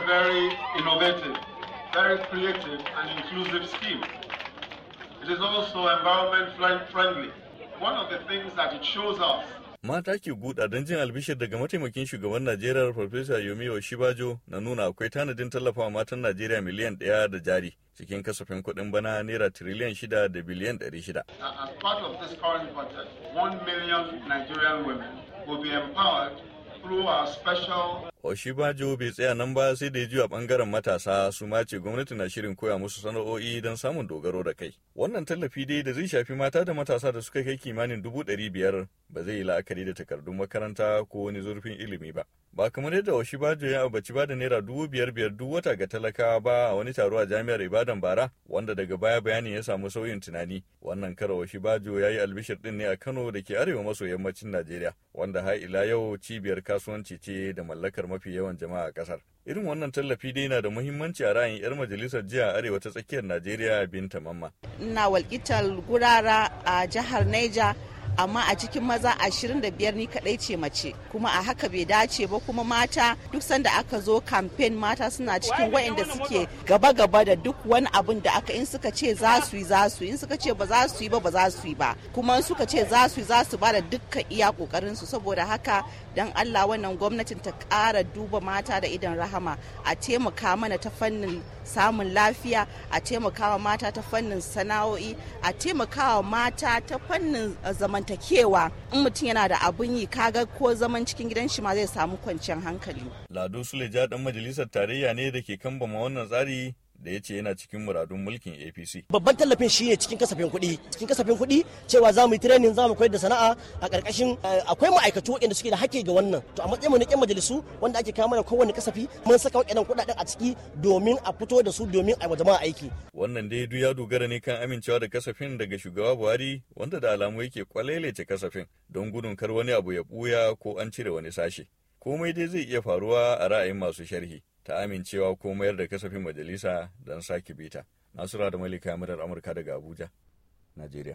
a very innovative, very creative and inclusive scheme. It is also environment friendly. One of the things that it shows us mata ke guda don jin albishir daga mataimakin shugaban najeriya Professor yomi shibajo na nuna akwai tanadin tallafawa matan najeriya miliyan ɗaya da jari cikin kasafin kuɗin bana naira tiriliyan shida da biliyan ɗari shida. as part of this current budget one million nigerian women will be empowered through our special Oshibajo bai tsaya nan ba sai da ya juya bangaren matasa su ma ce gwamnati na shirin koya musu sana'o'i don samun dogaro da kai. Wannan tallafi dai da zai shafi mata da matasa da suka kai kimanin dubu ɗari biyar ba zai yi la'akari da takardun makaranta ko wani zurfin ilimi ba. ba kamar yadda washi bajo ya abaci ba da naira dubu biyar biyar duk wata ga talakawa ba a wani taro a jami'ar ibadan bara wanda daga baya bayanin ya samu sauyin tunani wannan karo washi bajo ya yi albishir din ne a kano da ke arewa maso yammacin najeriya wanda har ila yau cibiyar kasuwanci ce da mallakar mafi yawan jama'a a kasar irin wannan tallafi dai na da muhimmanci a ra'ayin 'yar majalisar jiha arewa ta tsakiyar najeriya binta mamma ina walkitar gurara a jihar niger amma a cikin maza ashirin da biyar ni kadai ce mace kuma a haka bai dace ba kuma mata duk sanda aka zo campaign mata suna cikin waɗanda suke gaba-gaba da duk wani abin da aka in suka ce za su yi za su in suka ce ba za su yi ba ba za su yi ba kuma in suka ce za su yi za su ba da dukkan iya kokarin su saboda haka dan Allah wannan gwamnatin ta ƙara duba mata da idan rahama a taimaka mana ta fannin samun lafiya a taimakawa mata ta fannin sana'o'i a taimakawa mata ta fannin eh, zaman zamantakewa in mutum yana da abun yi kaga ko zaman cikin gidan shi ma zai samu kwanciyar hankali. Lado Suleja dan majalisar tarayya ne da ke kambama wannan tsari da ya ce yana cikin muradun mulkin APC. Babban tallafin shi ne cikin kasafin kuɗi. Cikin kasafin kuɗi cewa za mu yi training za mu koyar da sana'a a ƙarƙashin eh, akwai ma'aikatu waɗanda suke da haƙƙi ga wannan. To a matsayin mu na majalisu wanda ake kawo mana kowane kasafi mun saka waɗannan kuɗaɗen a ciki domin a fito da su domin a jama'a aiki. Wannan dai duk ya dogara ne kan amincewa da kasafin daga shugaba Buhari wanda da alamu yake kwalelece kasafin don gudun kar wani abu ya ɓuya ko an cire wani sashe. Komai dai zai iya faruwa a ra'ayin masu sharhi. ta amincewa ko mayar da kasafin majalisa don sake bita. Nasura da Malika madar Amurka daga Abuja, Najeriya.